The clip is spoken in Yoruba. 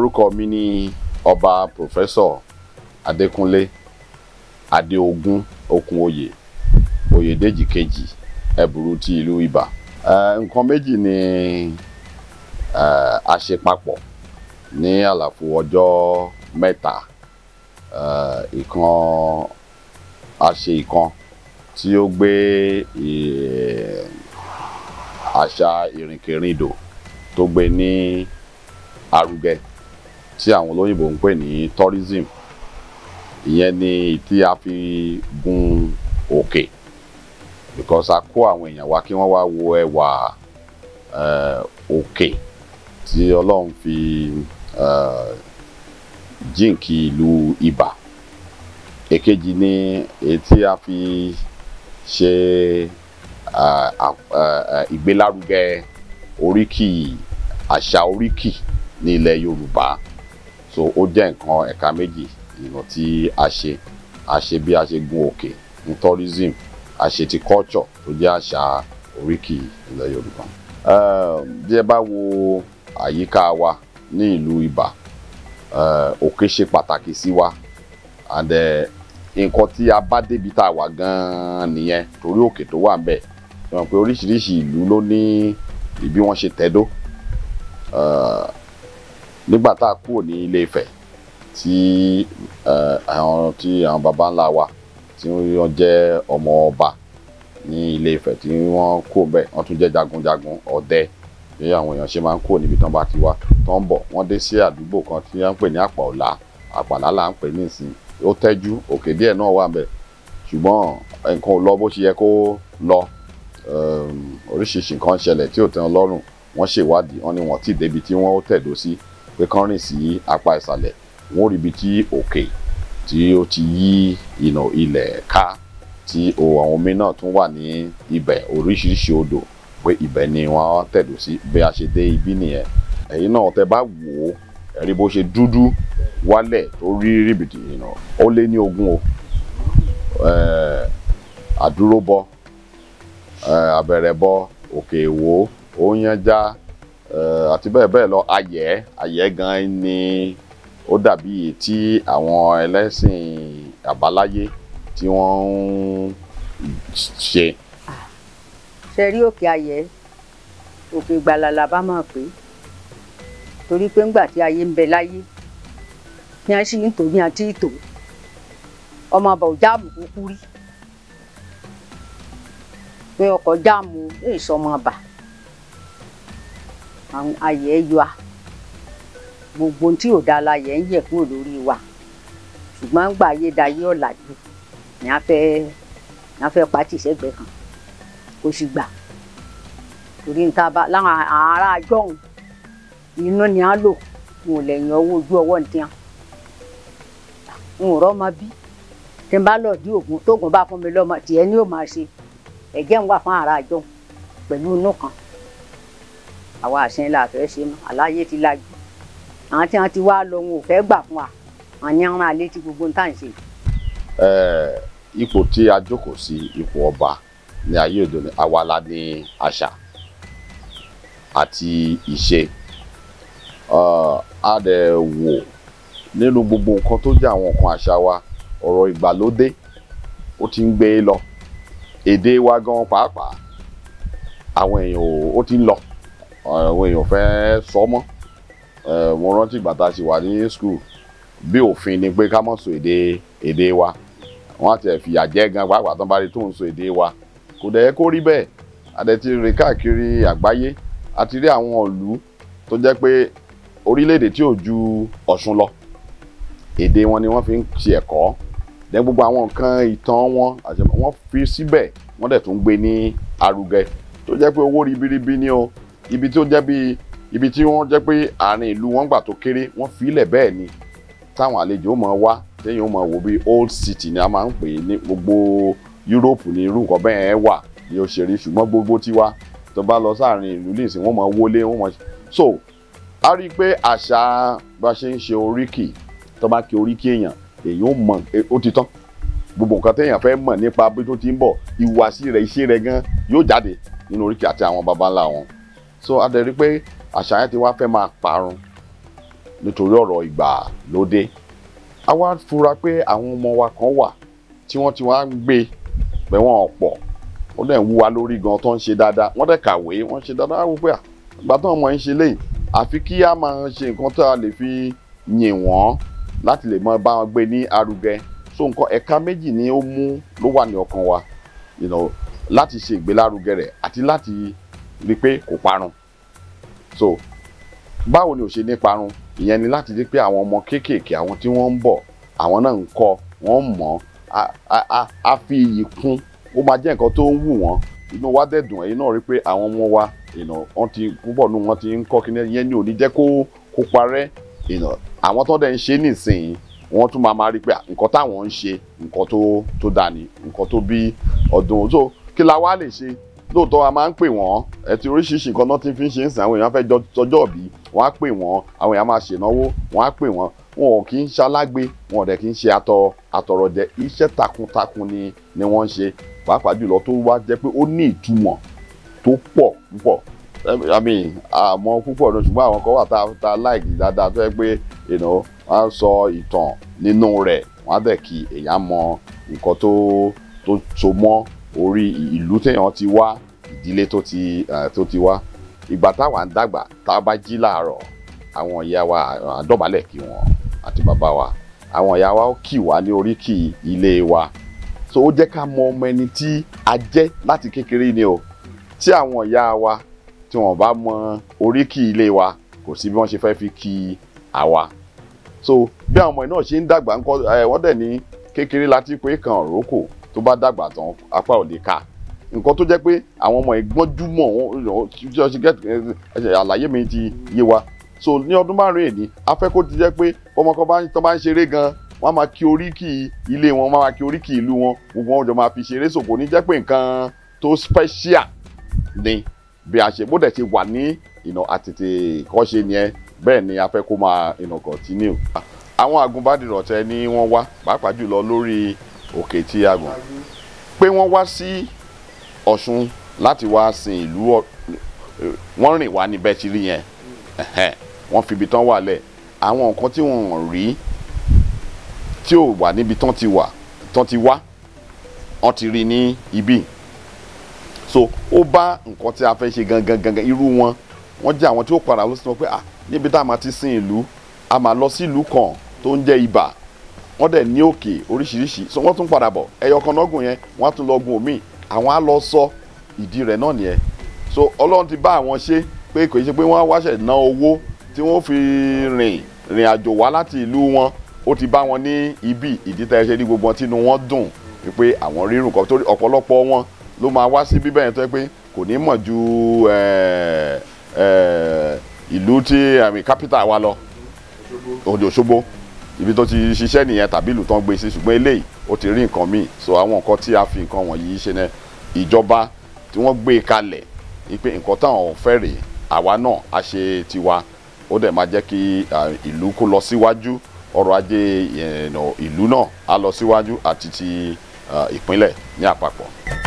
orúkọ mi ni ọba professor adékúnlé adéogun okunòye oyèdèjì kejì ẹ̀bùrú ti ìlú ibà nǹkan méjì ni a ṣe papọ̀ ní àlàfo ọjọ́ mẹ́ta ìkan a ṣe ìkan tí ó gbé àṣà ìrìnkèrindò tó gbé ní arugẹ tí àwọn olóyìnbó ń pè ní tourism ìyẹn ni tí a fi gun òkè okay. because a kó àwọn èèyàn wá kí wọ́n wá wo ẹwà eh, òkè tí ọlọ́run fi eh, jíǹkì ìlú ibà èkejì ni èyí tí a fi ṣe eh, ìgbélárugẹ oríkì àṣà oríkì ní ilẹ̀ yorùbá so ó jẹ́ nǹkan ẹ̀ka méjì ìrìnà tí a ṣe a ṣe bí a ṣe gun òkè ní tourism a ṣe ti culture tó jẹ́ àṣà oríkì ilẹ̀ Yorùbá ehm, bí ẹ bá wo àyíká wa ní ìlú Ìbà eh, òkè ṣe pàtàkì sí wa and eh, nǹkan tí a bá débi tá a wà gan-an nìyẹn torí òkè tó wà ń bẹ̀ ẹ mọ̀ pé oríṣiríṣi ìlú ló ní bí wọ́n ṣe tẹ̀dó eh, nígbà tá a kúrò ní ilé Ifẹ̀ tí àwọn tí àwọn baba ńlá wa tí wọ́n jẹ́ ọmọ ọba ní ilé Ifẹ̀ tí wọ́n kó bẹ́ẹ̀ wọ́n tún jẹ́ jagunjagun ọdẹ bí àwọn èèyàn ṣe máa ń kó níbi tán bá ti wá tán ń bọ̀ wọ́n dé sí àdúgbò kan tí wọ́n ń pè ní àpàọ̀lá àpàlá là ń pè ní ìsìn ó tẹ́jú òkè díẹ̀ náà wà bẹ́ẹ̀ ṣùgbọ́n nǹkan ò lọ bó ṣe yẹ kó lọ oríṣiríṣi nǹkan ṣẹlẹ̀ tí ò tẹ́ wọn lọ́rùn wọ́n ṣèwádìí wọ́n ní wọ́n ti débi tí wọ́n ó tẹ̀dó sí pé kán rìn sí apá ìsàlẹ̀ wọ́n rí ibi tí òkè tí ó ti yí ìnà ilẹ̀ ká tí àwọn omi náà tún wà ní ibẹ̀ oríṣiríṣi odò pé ibẹ̀ ni wọ́n tẹ̀dó sí bí a ṣe dé ibí nìyẹn ẹ̀yin náà tẹ bá wò ó ẹ̀rí bó ṣe dúdú wálẹ̀ tó rí rìbìtì ìnà ó lé ní ogún o àdúróbọ abẹ̀rẹ̀bọ òkè èwo ó yànjá Eh, àti bẹ́ẹ̀ bẹ́ẹ̀ lọ ayẹ́ ayẹ́ gan ni ó dàbí tí àwọn ẹlẹ́sìn àbáláyé tí wọ́n ń ṣe. ṣe rí òkè ayẹ́ òkè ìgbàlà la bá máa pè é torí pé ńgbà tí ayé ń bẹ láyé ni a sì ń tò ní àti ìtò ọmọ àbọ̀ jáàmù kúkú rí pé ọkọ̀ jáàmù èso ọmọ àbà ayẹ̀ yọ a gbogbo tí ò da la yẹ̀ ń yẹ̀ kúrò lórí wa ṣùgbọ́n ń gbà ayé dayé ọ̀làjú ni a fẹ́ ni a fẹ́ pàtì sẹ́gbẹ̀ẹ́ kan kò sì gbà torí níta bá láwọn ará àjọhùn iná ni a lò wọn ò lẹ́yìn ọwọ́ ojú ọwọ́ ní tiẹ̀ n ò rọ́ ọmọ bí tí n bá lọ di oògùn tóògùn bá fún mi lọ́mọ tiẹ̀ ni yóò máa ṣe ẹ̀jẹ̀ ń wà fún ará àjọhùn pẹ̀lú inú kan àwa àṣẹ la fẹ́ ṣe mọ́ aláyé ti lajú àwọn tí wọ́n ti wá lọ wọn ò fẹ́ gbà fún wa àwọn ní àwọn alẹ́ ti gbogbo ń tà ń ṣe. ipò tí a jókòó sí ipò ọba ní ayé òde òní àwa ní àṣà àti ìṣe a dẹ̀ wò nínú gbogbo nǹkan tó jẹ́ àwọn nǹkan àṣà wa ọ̀rọ̀ ìgbàlódé ó ti ń gbé e lọ èdè wa gan pàápàá àwọn èèyàn ó ti ń lọ àwọn èèyàn fẹ́ sọ mọ́ mo rántí ìgbà tá a ṣì wà ní school bí òfin ni pé ká mọ̀ sọ èdè èdè wa wọ́n á ti fìyà jẹ gan pàápàá tán bá rí tó ń sọ èdè wa kò dẹ̀ kó rí bẹ́ẹ̀ adẹ ti rìn káàkiri àgbáyé a ti rí àwọn ìlú tó jẹ́ pé orílẹ̀-èdè tí ò ju Ọ̀ṣun lọ èdè wọn ni wọ́n fi ń ṣe ẹ̀kọ́ dẹ́n gbogbo àwọn nǹkan ìtàn wọn àti wọ́n fi síbẹ̀ wọ́n dẹ̀ tún gbé ní arugẹ tó jẹ́ pé owó ribiribi ni o ibi tí ó jẹ́ bí ibi tí wọ́n jẹ́ pé àárín ìlú wọn gbà tó kéré wọ́n fi ilẹ̀ bẹ́ẹ̀ ni táwọn àlejò ó máa wá téèyàn ó máa wò bí old city ni a máa ń pè é ní gbogbo Europe ni irú nǹkan bẹ́ẹ̀ wà ní òṣèré ṣùgbọ́n gbogbo tiwa tó bá lọ sáàrin ìlú lè sìn wọ́n máa wọlé wọ́n máa so a rí i pé àṣà bá ṣe ń ṣe oríkì tó bá kí oríkì èèyàn èèyàn ó mọ ó ti tán gbogbo nǹkan téèyàn fẹ́ mọ̀ nípa bí tó ti ń bọ̀ ìhùwàsí rẹ̀ iṣẹ́ rẹ̀ gan yóò jáde nínú oríkì àti àwọn baba so a dẹ̀ rí pé àṣà yẹn ti wá fẹ́ máa parun nítorí ọ̀rọ̀ ìgbàlódé a wá fura pé àwọn ọmọ wa kan wà tí wọ́n ti wá ń gbé pé wọ́n ọ̀pọ̀ ó dẹ̀ ń wú wa lórí gan tó ń ṣe dáadáa wọ́n dẹ̀ kàwé wọ́n ṣe dáadáa wọ́n pé àgbà tó ọmọ yẹn ṣe léyìí àfi kí a máa ṣe nǹkan tá a lè fi yìn wọ́n láti lè mọ bá wọn gbé ní arugẹ so nǹkan ẹ̀ka méjì ni ó mú ló wà ní ọkàn wa láti ṣe ìgbélárugẹ rẹ̀ àti láti rí pé kò parun so báwo ni ò ṣe ní parun ìyẹn ni láti rí pé àwọn ọmọ kéékèèké àwọn tí wọ́n ń bọ̀ àwọn náà ń kọ́ wọ́n mọ̀ á fi iyì kún ó máa jẹ́ nǹkan tó ń wù wọ́n inú wa dẹ̀ ẹ̀yin náà rí pé àwọn ọmọ wa wọ́n ti púpọ̀ nù wọ́n ti ń kọ́ kí yẹn ni ò jẹ́ kó kó parẹ́ àwọn tó dẹ̀ ń ṣe nísìnyí wọ́n tún máa máa rí pé nǹkan táwọn ń ṣe nǹkan tó tó dáa ni nǹkan tó bí ọdún so kí la wá lè ṣe lóòótọ́ a máa ń pè wọ́n ẹtì oríṣiríṣi nǹkan náà ti fi ń ṣe ń sìn àwọn èèyàn fẹ́ jọjọ́ bí wọ́n á pè wọ́n àwọn èèyàn máa ṣènáwó wọ́n á pè wọ́n wọn ò kí ń ṣalágbe wọn ò dẹ̀ kí ń ṣe atọ àtọ̀rọ̀jẹ iṣẹ́ takuntakun ni ni wọ́n ń ṣe pàápàá jùlọ tó wá jẹ́ pé ó ní ìtumọ̀ tó pọ̀ púpọ̀ àmì àmọ́ púpọ̀ ní ṣùgbọ́n àwọn kan wà tá a láìkì dáadáa tó yẹ pé wọ́n á sọ ìtàn nínú rẹ̀ wọ́n á dẹ̀ kí èèyàn mọ nǹkan tó tó so mọ́ orí ìlú téèyàn ti wá ìdílé tó ti tó ti wá ìgbà táwa ń dàgbà tá a bá jí láàárọ̀ àwọn ìyá wa àdọ̀bálẹ̀ kí wọn àti bàbá wa àwọn ìyá wa ó kì wá ní oríkì ilé wa so ó jẹ́ ká mọ ọmọ ẹni tí a jẹ́ láti kékeré ni o tí àwọn ìyá wa tí wọ́n bá mọ oríkì ilé wa kò sí bí wọ́n ṣe fẹ́ fi kí àwa so bí àwọn ọmọ ẹ náà ṣe ń dàgbà ńkọ́ ẹ wọ́n dẹ̀ ní kékeré láti pé kan òrókò tó bá dàgbà tán apá ò lè ká nǹkan tó jẹ́ pé àwọn ọmọ ìgbọ́njúmọ̀ àlàyé mi ti yé wa so ní ọdún márùn-ún èní a fẹ́ kó ti jẹ́ pé ọmọkan bá tán bá ń ṣeré gan wọ́n á máa kí oríkì ilé wọn wọ́n á máa kí oríkì ìlú wọn gbogbo wọn jọ máa fi ṣeré sòkò ní jẹ́ pé nǹkan tó special ni bí a ṣe bóde ṣe wà ní ìnà àtètè kọ́ṣe nìyẹn bẹ́ẹ̀ ni a fẹ́ kó máa ìnà continue. àwọn agùnbánirọ̀ tẹ ni wọ́n wá pàápàá jùlọ lórí òkè tí àgùn pé wọ́n wá sí ọ̀ṣun láti wá sin ìlú wọ́n rìn wá ní bẹ́tírí yẹn wọ́n fi ibi tán wà lẹ̀ àwọn nǹkan tí wọ́n rí tí ò wà níbi tán ti wà tán ti wá wọ́n ti rí ní ibí so ó bá nǹkan tí a fẹ́ ṣe gangan gangan irú wọn wọ́n jẹ́ àwọn tí ó padà lọ sí pé ah níbi tá a máa ti sin ìlú a máa lọ sí ìlú kan tó ń jẹ́ ibà wọ́n dẹ̀ ní òkè oríṣiríṣi so wọ́n tún padà bọ̀ ẹyọ kan lọ́gùn yẹn wọ́n á tún lọ gun omi àwọn á lọ sọ ìdí rẹ̀ náà nìyẹn so ọlọ́run ti bá àwọn ṣe pé kò ṣe pé wọ́n á wáṣẹ̀ ná owó tí wọ́n fi rìn rìn àjò wá láti ìlú wọn ó ti bá wọn ní ibi ìdí tá ẹ ṣe ní gbogbo wọn tínú wọn dùn pé àwọn rírun kan torí ọ̀pọ̀lọpọ̀ wọn ló máa wá sí bíbẹ̀ yẹn tó pé kò ní mọ̀ ju ìlú tí àmì capital wa lọ Òṣogbo ibi tó ti ṣiṣẹ́ nìyẹn tàbí ìlú tó ń gbé sí ṣùgbọ́n eléyìí ó ti rí nǹkan míì so àwọn nǹkan tí a fi nǹkan wọ̀nyí ṣe ní ìjọba tí wọ́n gbé e kalẹ̀ wípé nǹkan táwọn fẹ́ rèé àwa náà a ṣe tiwa ó dẹ̀ máa jẹ́ kí ìlú kó lọ síwájú ọrọ̀ ajé ìlú náà á lọ síwájú àti ti ìpínlẹ̀ ní àpapọ̀.